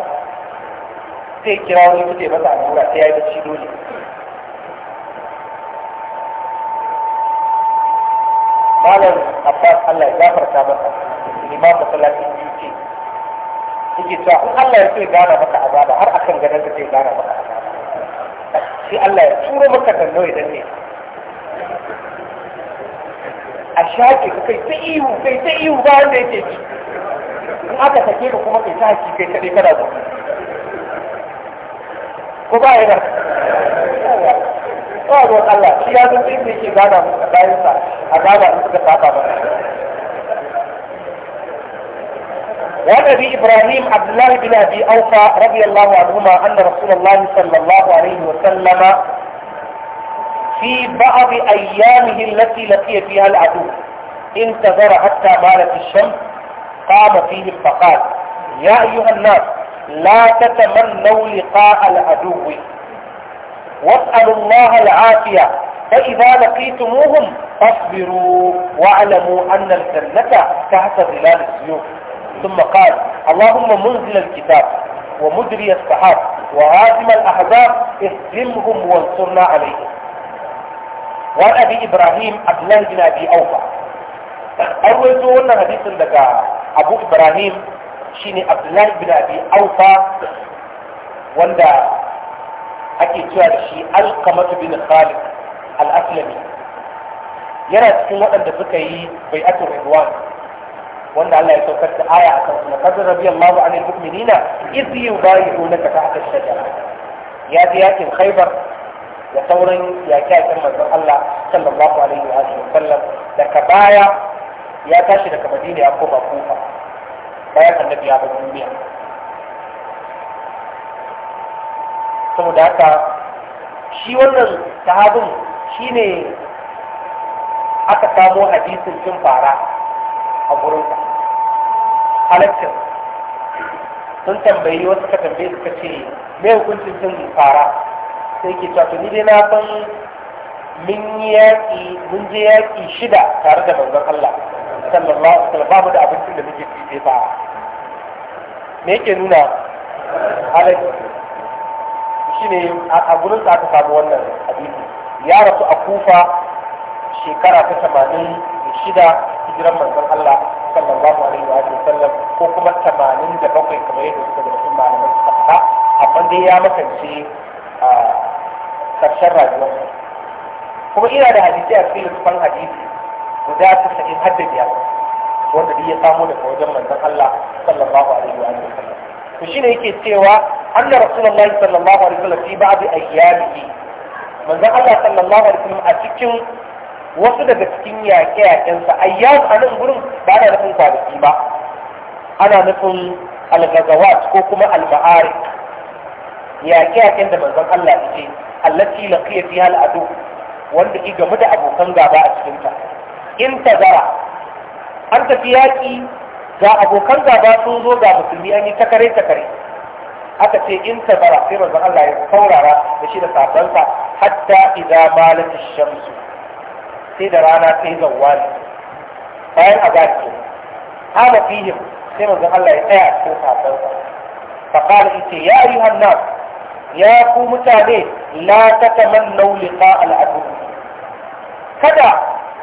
sai kira wani kuke masa allura sai ya yi bacci dole malam abbas allah ya gafarta masa imam biyu ce yake cewa in allah ya so ya gana maka azaba har akan gadon ka zai gana maka azaba sai allah ya turo maka nau'i idan ne a shaƙe ka kai ta ihu kai ta ihu ba wanda yake ci in aka sake ka kuma kai ta haƙi kai ta dai kana gudu مباينة آه، tsoron ابراهيم عبد الله بن ابي اوفى رضي الله عنهما ان رسول الله صلى الله عليه وسلم في بعض ايامه التي لقي فيها العدو انتظر حتى مالت الشمس قام فيه فقال يا ايها الناس لا تتمنوا لقاء العدو واسألوا الله العافية فإذا لقيتموهم فاصبروا واعلموا أن الجنة تحت ظلال السيوف ثم قال اللهم منزل الكتاب ومدري السحاب وهازم الأحزاب اهزمهم وانصرنا عليهم وعن أبي إبراهيم عبد الله بن أبي أوفى أول لنا حديث لك أبو إبراهيم ne abdullahi bin abi aufa wanda ake cewa da shi alkamatu bin khalid al-aslami yana cikin waɗanda suka yi bai'atul ridwan wanda Allah ya saukar da aya akan su laqad radiyallahu anil mu'minina idh yubayyi'unaka tahta ash-shajara ya ji yakin khaybar da sauran a yaƙen manzon Allah sallallahu alaihi wa sallam daga baya ya tashi daga Madina ya koma Kufa bayan annabi ya bar duniya saboda haka shi wannan sahabin shine aka samo hadisin cin fara a gurinsa halaccin sun tambayi wasu ka tambaye suka ce me hukuncin cin fara sai ke cewa ni dai na san mun yaƙi mun je yaƙi shida tare da manzon Allah sallallahu alaihi wasallam babu da abincin da muke ci sai sa'a me yake nuna halaki shine a gurin sa aka samu wannan hadisi ya rasu a kufa shekara ta tamanin da shida hijiran manzon Allah sallallahu alaihi wa sallam ko kuma tamanin da bakwai kamar yadda suka da sun malaman suka faɗa amma dai ya makance a karshen rayuwarsa kuma ina da hadisi a cikin littafin hadisi guda ta sakin da biyar wanda duk ya samu daga wajen manzon Allah sallallahu alaihi wa sallam to shine yake cewa anna rasulullahi sallallahu alaihi wa sallam fi ba'd ayyamihi manzon Allah sallallahu alaihi wa a cikin wasu daga cikin yaƙe-yaƙensa ayyam a nan gurin ba na nufin kwanaki ba ana nufin algazawat ko kuma alma'ari yaƙe-yaƙen da manzon Allah ya ce allati laqiya fiha al'adu wanda ki gamu da abokan gaba a cikin ta in tazara an tafi yaƙi ga abokan gaba sun zo ga musulmi an yi ta kare ta kare aka ce in tazara sai manzon Allah ya saurara da shi da sabansa hatta idza malat shamsu sai da rana ta yi zawwali bayan a ga azaki hada fihim sai manzon Allah ya tsaya cikin sabansa fa qala ite ya ayyuhan nas ya ku mutane la tatamannu liqa al-adu kada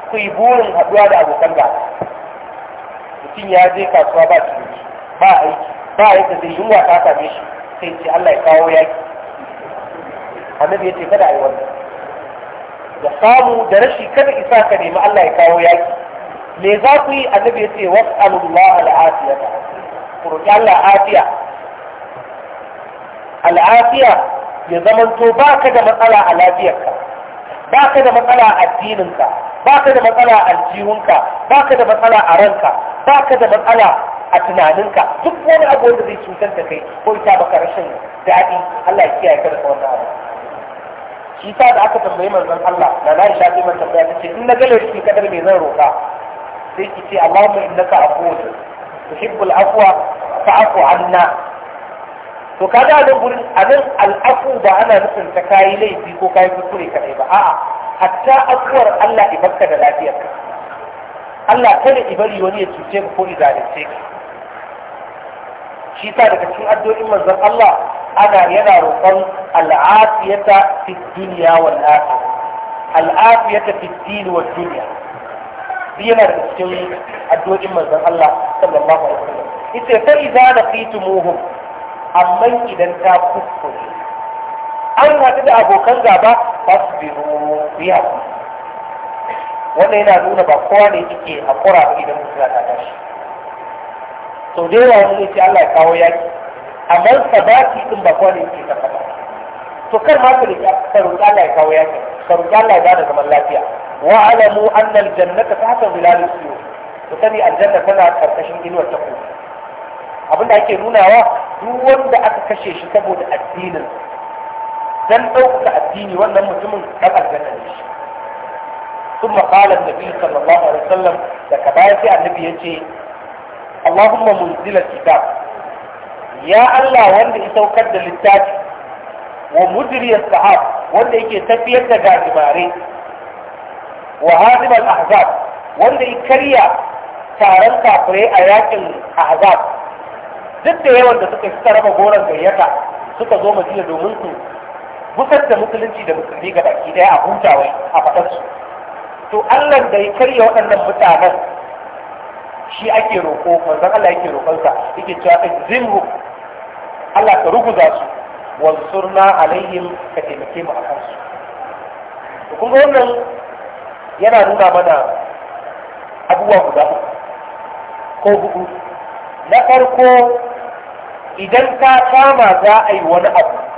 ku yi burin haɗuwa da abokan da mutum ya je kasuwa ba su yi ba aiki ba aiki zai yunwa ta same shi sai ce Allah ya kawo yaki annabi ya ce kada a yi wannan da samu da rashi kada isa ka nemi Allah ya kawo yaki me za ku yi annabi ya ce was'alullah al'afiya ku roki Allah afiya al'afiya ya zamanto ba ka da matsala a lafiyarka ba ka da matsala a addininka baka da matsala a aljihunka baka da matsala a ranka baka da matsala a tunaninka duk wani abu wanda zai cutar da kai ko ita baka rashin daɗi Allah ya kiyaye ka da wannan abu shi sa da aka tambayi manzon Allah da na isha sai man tambaya tace in na ga shi kadar me zan roka sai ki ce Allahumma innaka afuwun tuhibbul afwa fa'fu anna to kaga a nan gurin a nan al'afu ba ana nufin ta kayi laifi ko kayi kuskure kadai ba a'a hatta afuwar Allah ya ibarka da ka, Allah kada ibari wani ya cuce ka ko izalunce ka shi sa daga cikin addu'o'in manzon Allah ana yana roƙon al'afiyata fi dunya wal akhirah al'afiyata fi din wal dunya yana da cikin addu'o'in manzon Allah sallallahu alaihi wasallam ita fa idza laqitumuhum amma idan ta kuskure an haɗu da abokan gaba ba su biyu su yi haƙuri wannan yana nuna ba kowa ne yake haƙura ba idan mutum ta tashi sau da yawa wani yace Allah ya kawo yaki amma sabati din ba kowa ne yake saka ba to kar ma ku ka roƙi Allah ya kawo yaki ka roƙi Allah ya bada zaman lafiya wa alamu annal jannata tahta zilalus suyuf ku sani aljanna tana karkashin inuwar takobi abinda ake nunawa duk wanda aka kashe shi saboda addinin dan ɗaukaka addini wannan mutumin ɗan aljanna ne shi ثم قال النبي صلى الله عليه da ka baya sai annabi ya ce Allahumma munzila kitab ya Allah wanda ya saukar da littafi wa mudriya sahab wanda yake tafiyar da gajimare wa hadim al-ahzab wanda ya karya taron kafirai a yakin ahzab duk da yawan da suka fita raba goron gayyata suka zo madina domin su musar da musulunci da musulmi ga baki daya a hutawa a faɗarsu to allah da ya karya waɗannan mutanen shi ake roƙo manzon allah yake roƙonsa yake cewa zimhu allah ka ruguza su wansurna alaihim ka taimake mu a kansu to kuma wannan yana nuna mana abubuwa guda ko huɗu na farko idan ka kama za a yi wani abu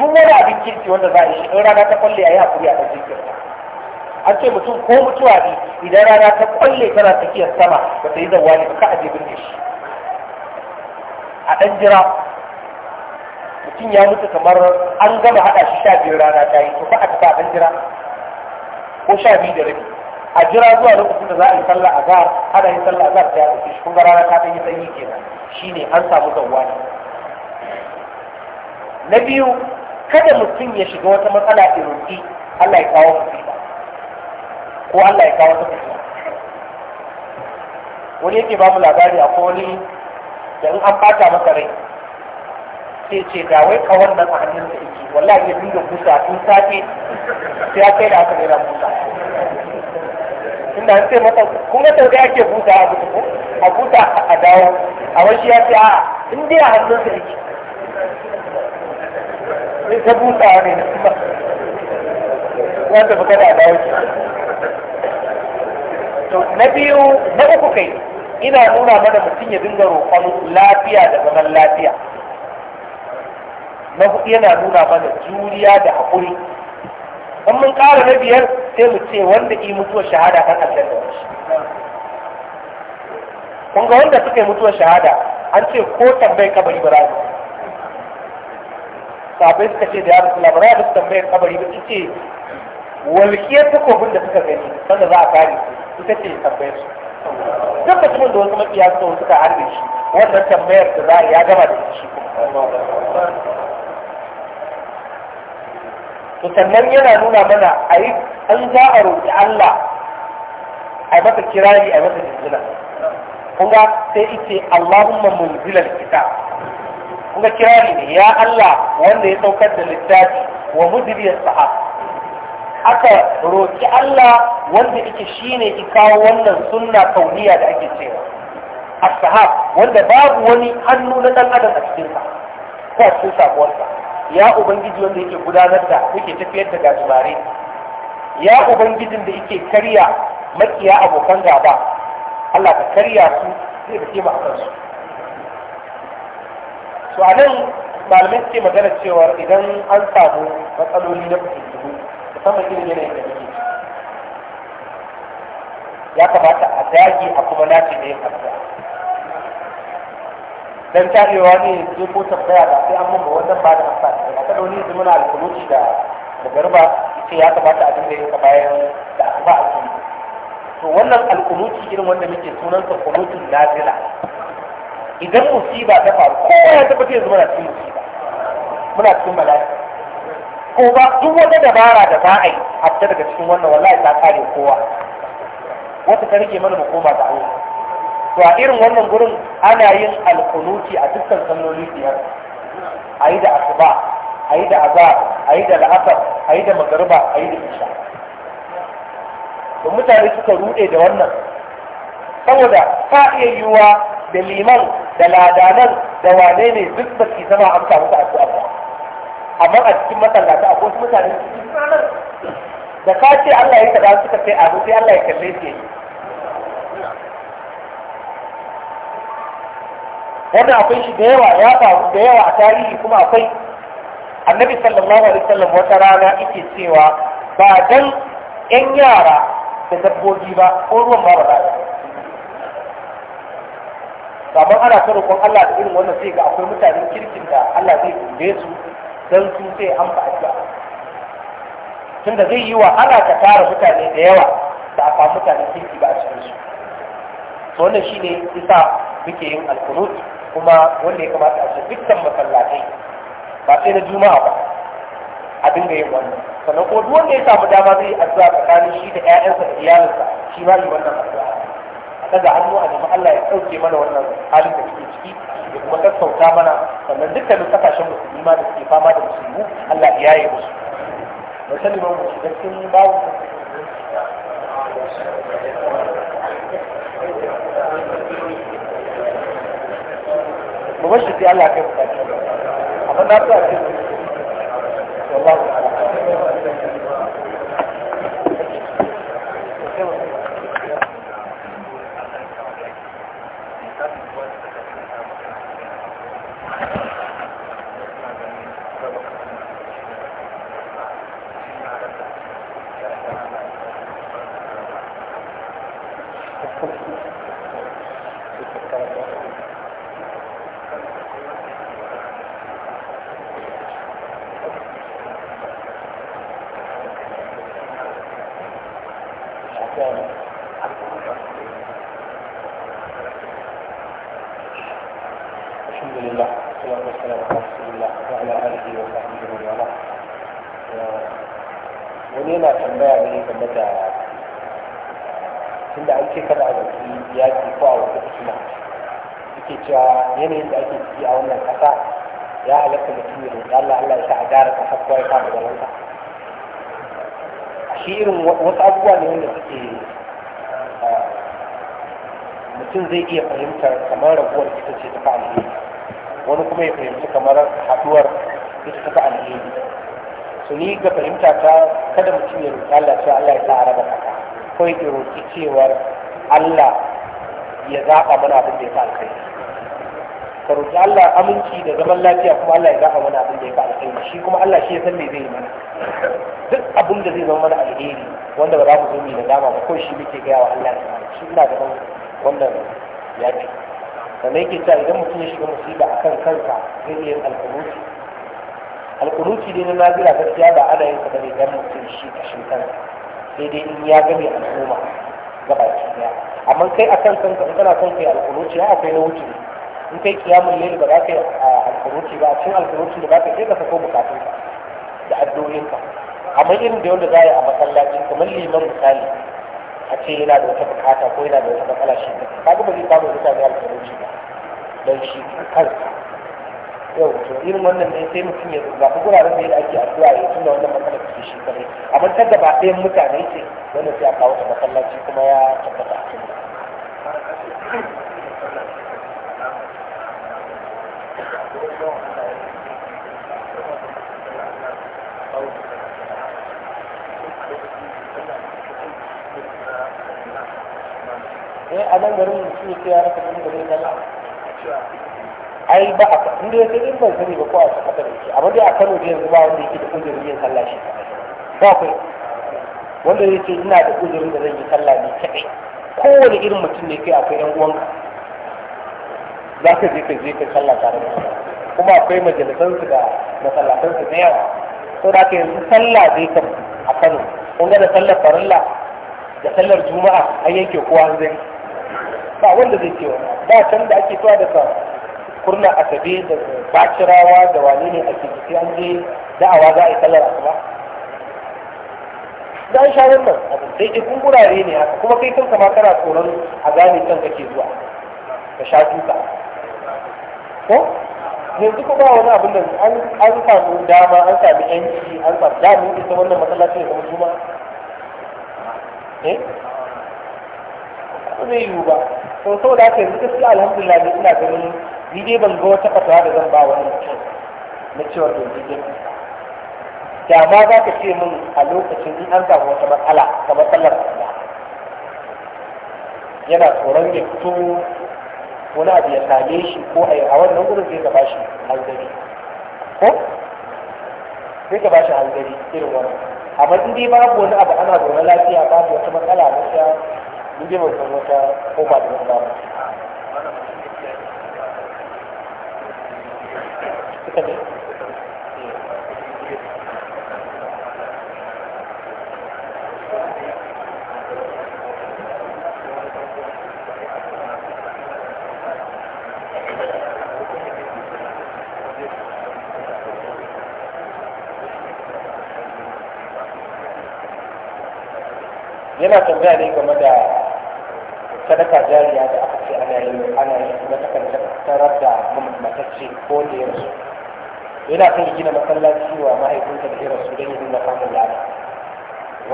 duk wani abin kirki wanda za a yi in rana ta kwalle a yi hakuri a ɗauki kirki an ce mutum ko mutuwa ne idan rana ta kwalle tana tsakiyar sama ba ta yi ne ba ka aje birne shi a ɗan jira mutum ya mutu kamar an gama haɗa shi sha biyu rana ta yi to ba a tafi a ɗan jira ko sha biyu da rabi a jira zuwa lokacin da za a yi sallah a zahar ana yin sallah a zahar ta yi shi kuma rana ta ɗan yi sanyi kenan shine an samu zawali na biyu kada mutum ya shiga wata matsala da roƙi Allah ya kawo musiba ko Allah ya kawo tafiya wani yake ba mu labari a wani da in an bata masa rai sai ce da wai ka wannan a hannun da yake wallahi ya dinga busa tun sake sai ya kai da aka rera busa inda an sai mata kun ga tauri ake busa a busa a dawo a wani ya ce a in dai a hannun da yake Sai ta buɗa ne ya tafi kada a dawo to na biyu na uku kai ina nuna mana mutum ya dinga roƙon lafiya da zaman lafiya na hudu yana nuna mana juriya da haƙuri in mun ƙara na biyar sai mu ce wanda yi mutuwar shahada kan aljanna kun ga wanda suka yi mutuwar shahada an ce ko tambayi kabari ba za kafin suka ce da ya suna labarai da su tambayar kabari ba ce walƙiyar takobin da suka gani sanda za a kare su suka ce tambayar su duk da mutumin da wasu makiya suka suka harbe shi wannan tambayar da za a ya gama da shi to sannan yana nuna mana a yi an za a roƙi Allah a yi masa kirari a yi masa jinjina kun ga sai ita Allahumma zila kitab kuma kira kirari ne ya Allah wanda ya saukar da littafi wa mudiriyar sahab aka roki Allah wanda yake shine ki kawo wannan sunna kauniya da ake cewa as-sahab wanda babu wani hannu na dan adam a cikin sa ko a cikin sabuwarsa ya ubangiji wanda yake gudanar da yake tafiyar da gajimare ya ubangijin da yake karya makiya abokan gaba Allah ka karya su sai da kima a kansu to a nan malamai suke magana cewa idan an samu matsaloli na fitintunu musamman irin yanayin da muke ya kamata a dage a kuma nace da yin addu'a dan tarewa ne zai ko tambaya ba sai an mamba wannan ba da amfani da matsaloli da muna na alkuluci da magarba ce ya kamata a dinga yin ka bayan da asuba a to wannan alkuluci irin wanda muke sunan sa kulutun nazila idan musiba ta faru kowa ya tabbata yanzu muna cikin musiba muna cikin bala'i ko ba duk wata dabara da za a yi a fita daga cikin wannan wallahi ta kare kowa wata ta rike mana mu koma da Allah to a irin wannan gurin ana yin alkunuti a dukkan sannoli biyar a yi da asuba a yi da azar a yi da la'asar a yi da magarba a yi da isha to mutane suka rude da wannan saboda fa'iyayyuwa da liman da ladanan da wane ne duk da ke zama an samu a ba amma a cikin matsalata a kusa mutane cikin ranar da ka ce Allah ya kaza suka kai abu sai Allah ya kalle shi wannan akwai shi da yawa ya faru da yawa a tarihi kuma akwai annabi sallallahu alaihi wasallam wata rana yake cewa ba dan yan yara da dabbobi ba ko ruwan ba da. kamar ana ta roƙon Allah da irin wannan sai ga akwai mutanen kirkin da Allah zai kube su don su sai fa addu'a tunda zai yi wa ana ka tara mutane da yawa da a samu mutanen kirki ba a cikin su to wannan shine isa muke yin alkunut kuma wanda ya kamata a ce dukkan masallatai ba sai na juma'a ba a dinga yin wannan sannan ko duk wanda ya samu dama zai yi addu'a tsakanin shi da 'ya'yansa da iyalinsa shi ma yi wannan addu'a daga hannu a nemi Allah ya ɗauke mana wannan halin da suke ciki da kuma sassauta mana sannan dukkanin kasashen musulmi ma da suke fama da musulmi Allah ya yi musu ba sani ba mu shiga cikin babu mu bar shi sai Allah ya kai mutane amma na so a ce والله تعالى mutum zai iya fahimtar kamar rabuwar ita ce ta alheri wani kuma ya fahimci kamar haduwar ita ta alheri su ni ga fahimta ta kada mutum ya roƙi Allah cewa Allah ya sa a raba kaka ko ya roƙi cewar Allah ya zaɓa mana abin da ya fi alkhairi ka roƙi Allah aminci da zaman lafiya kuma Allah ya zaɓa mana abin da ya fi alkhairi shi kuma Allah shi ya san me zai mana duk abin da zai zama mana alheri wanda ba za mu zo mu yi nadama ba ko shi muke gaya wa Allah ya shi ina gaban wannan ya ce sannan yake cewa idan mutum ya shiga musiba a kan kansa zai iya yin alkunuti alkunuti dai na nazira gaskiya ba ana yin sa bane idan mutum shi kashin kansa sai dai in ya gane al'umma gabaki daya amma kai a kan kanka in kana son kai alkunuti ya akwai na wuce in kai kiyamun ne ba za ka yi alkunuti ba a cikin alkunuti da ba ka sai ka sako ka da addu'o'inka amma irin da yau da za a yi a masallaci kamar liman misali a ce yana da wata bukata ko yana da wata matsala shi ne ga ba zai samu mutane alƙalanci ba don shi kansa yau to irin wannan ne sai mutum ya ko guraren da ya ake addu'a ya tunda wannan matsalar ke shi kare amma ta gaba ɗayan mutane ce wannan sai a kawo ta masallaci kuma ya tabbata a cikin eh a nan garin mutum ya ce ya rasa kudin da zai zama ai ba a kan dai sai in ban sani ba ko a sakata da yake amma dai a Kano da yanzu ba wanda yake da kujerin yin sallah shi ba kai wanda ya ce ina da kujerin da zan yi sallah ne kadai kowane irin mutum ne kai akwai yan uwanka za ka je ka je ka sallah tare da kuma akwai majalisansu da masallatansu da yawa to da ka yanzu sallah zai kam a Kano kun ga da sallar farilla da sallar juma'a an yanke kowa zai ba wanda zai ce ba can da ake tuwa da sa kurna asabe da bacirawa da wani ne ake jiki an je da'awa za a yi a asuba da an sha wannan abu sai ke kun gurare ne haka kuma kai kanka ma kana tsoron a gane can kake zuwa ka sha duka ko yanzu kuma ba wani abin da an samu dama an sami yanci an samu dama ta wannan masallaci ne kamar juma'a eh ba zai yiwu ba to sau da aka yi gaskiya alhamdulillah ne ina ganin ni dai ban ga wata fatawa da zan ba wani mutum na cewa to ni dai da ma za ka ce min a lokacin in an samu wata matsala ta matsalar asuba yana tsoron ya fito wani abu ya same shi ko a wannan wurin zai gaba shi hanzari ko zai gaba shi hanzari irin wannan amma in dai babu wani abu ana zaune lafiya babu wata matsala na mun je mai kuma ta kofa da yana tambaya ne game da sadaka jariya da aka ce ana yi ana yi kuma takan tarar da matacce ko da ya rasu yana kan gina masallaci wa mahaifinta da ya rasu don yi nuna samun lada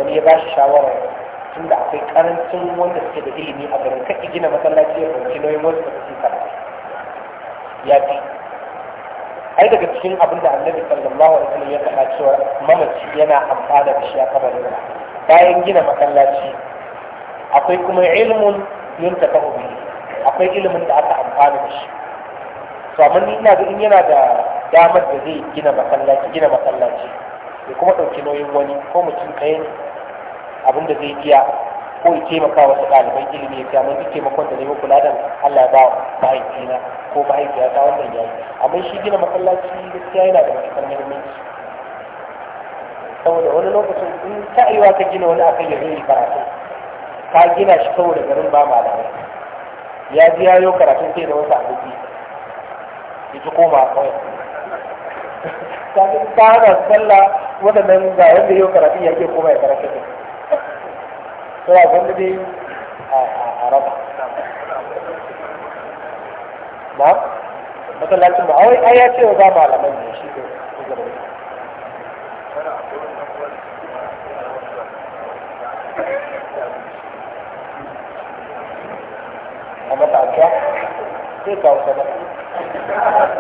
wani ya ba shi shawarar tunda akwai karancin wanda suke da ilimi a garin kaki gina masallaci ya ɗauki nauyin wasu da suke karatu ya fi ai daga cikin abin da annabi sallallahu alaihi wasallam ya faɗa cewa mamaci yana amfana da shi a kabarin bayan gina masallaci akwai kuma ilmun ta bihi akwai ilimin da aka amfana da shi to amma ni ina ga in yana da damar da zai gina masallaci gina masallaci ya kuma ɗauki nauyin wani ko mutum ɗaya ne abin da zai biya ko ya taimaka wasu ɗaliban ilimi ya amma duk taimakon da ne kula da Allah ya ba mahaifina ko ta wannan yayi amma shi gina masallaci gaskiya yana da matuƙar muhimmanci saboda wani lokacin in ta aiwa ka gina wani akan ya yi karatu ka gina shi saboda garin ba malamai ya ji ya yi karatun sai da wasu abubuwa ya ci koma kawai ta hana sallah waɗannan ga wanda yau karatun ya ke koma ya karatun ne to a gwanda dai a raba ba? masallacin ba a wai ya ce wa ba malamai ne shi ne a masa abuwa sai kawo sadaka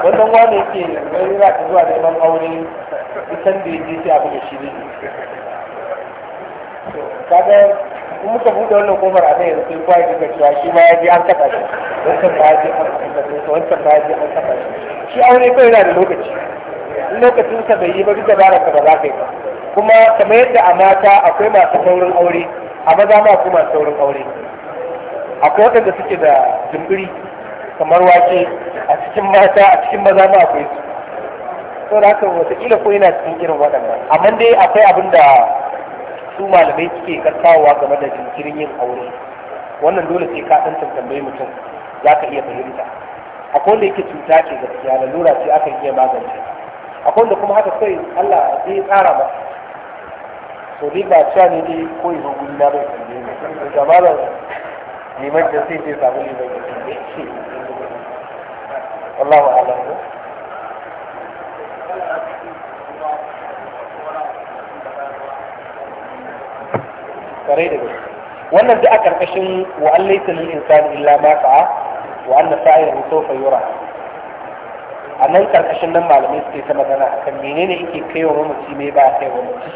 wannan wani yake wani za ta zuwa neman aure isan da yake sai abu da shi ne kaga in muka buɗe wannan kofar a nan yanzu sai kwa duka cewa shi ma ya je an kafa shi wancan ba ya je an kafa shi wancan ba ya je an kafa shi shi aure kawai yana da lokaci in lokacin sa bai yi ba duk dabara ka ba za ka yi ba kuma kamar yadda a mata akwai masu saurin aure a maza ma kuma saurin aure akwai waɗanda suke da jimbiri kamar wake a cikin mata a cikin maza ma akwai su sau da haka wataƙila ko yana cikin irin waɗannan amma dai akwai abin da su malamai suke karkawa game da jinkirin yin aure wannan dole sai ka ɗan tambayi mutum za ka iya fahimta akwai wanda yake cuta ce gaskiya lalura ce aka iya magance akwai wanda kuma haka kai Allah zai tsara ba to ni ba cewa ne dai ko yi zo na bai tambaye ni liman da sai zai samu liman ya ce wallahu ne da gaske wannan duk a karkashin wa an lil insani illa ma sa'a wa anna sa'ayahu sawfa yura a nan karkashin nan malamai suke ta magana akan menene yake kaiwa mamaci mai ba a kaiwa mamaci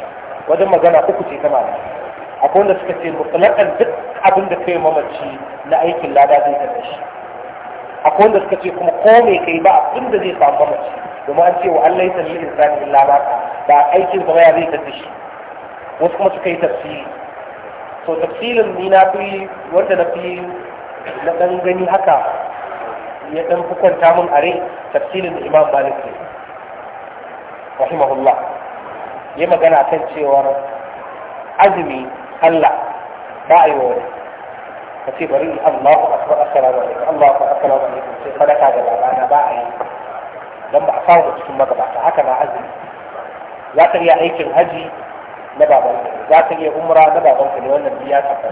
wajen magana uku ce ta malamai akwai wanda suka ce mutlaƙan duk abin da kai mamaci na aikin lada zai tafi shi akwai wanda suka ce kuma ko me kai ba abin da zai samu mamaci domin an ce wa Allah ya salli insani illa ma ba aikin ba ya zai tafi shi wasu kuma suka yi tafsiri so tafsirin ni na fi wanda na fi na ɗan gani haka ya ɗan fi kwanta min a rai tafsirin da Imam Malik ne rahimahullah ya magana kan cewar azumi Allah ba a yi wa wani ka ce bari Allahu akbar assalamu alaikum Allahu akbar alaikum sai sadaka da babana ba a yi dan ba a samu da cikin magabata haka na azumi za ka iya aikin haji na babanka za ka iya umra na babanka ne wannan biya tabbata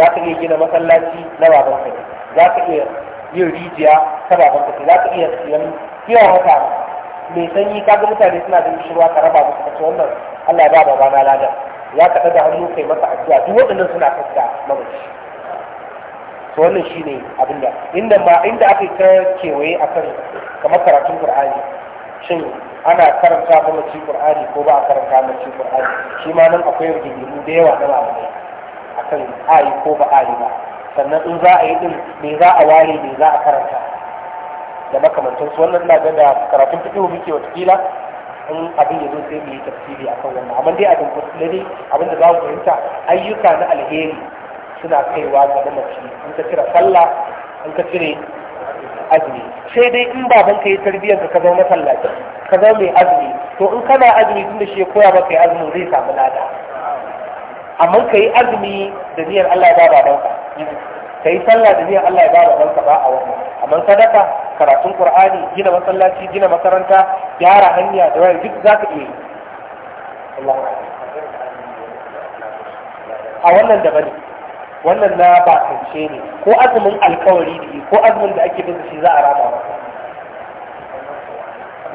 za ka iya gina masallaci na babanka ne za ka iya yin rijiya ta babanka ne za ka iya siyan kiyar wata mai sanyi kaga mutane suna da shirwa ka raba musu kace wannan Allah ya ba babana ladan Ya ka da hannu kai masa addu'a duk waɗannan suna kasa mamaci to wannan shi abin da inda ma inda aka yi ta kewaye a kan kamar karatun Qur'ani shin ana karanta mamaci Qur'ani ko ba a karanta mamaci Qur'ani shi ma nan akwai rigingimu da yawa na A kan ayi ko ba ayi ba sannan in za a yi din me za a ware me za a karanta da makamantansu wannan na ga da karatun fiƙihu muke wata in abin ya zo sai mu yi tafsiri akan wannan amma dai a dunkule ne abin da za mu fahimta ayyuka na alheri suna kaiwa ga mamaci in ka cire sallah in ka cire azumi sai dai in baban ka yi tarbiyyar ka zama masallaci ka zama mai azumi to in kana azumi tun da shi ya koya maka yi azumin zai samu lada amma ka yi azumi da niyyar Allah ya ba babanka kai sallah da niyyar Allah ya ba da ba a wannan amma sadaka karatun Qur'ani gina masallaci gina makaranta gyara hanya da wani duk zaka iya yi a wannan da bane wannan na bakance ne ko azumin alkawari da ko azumin da ake bin shi za a raba rama masa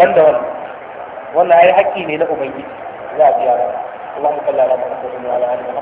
banda wannan wannan ai haƙƙi ne na ubangiji za a biya ba. Allah mu kallala mu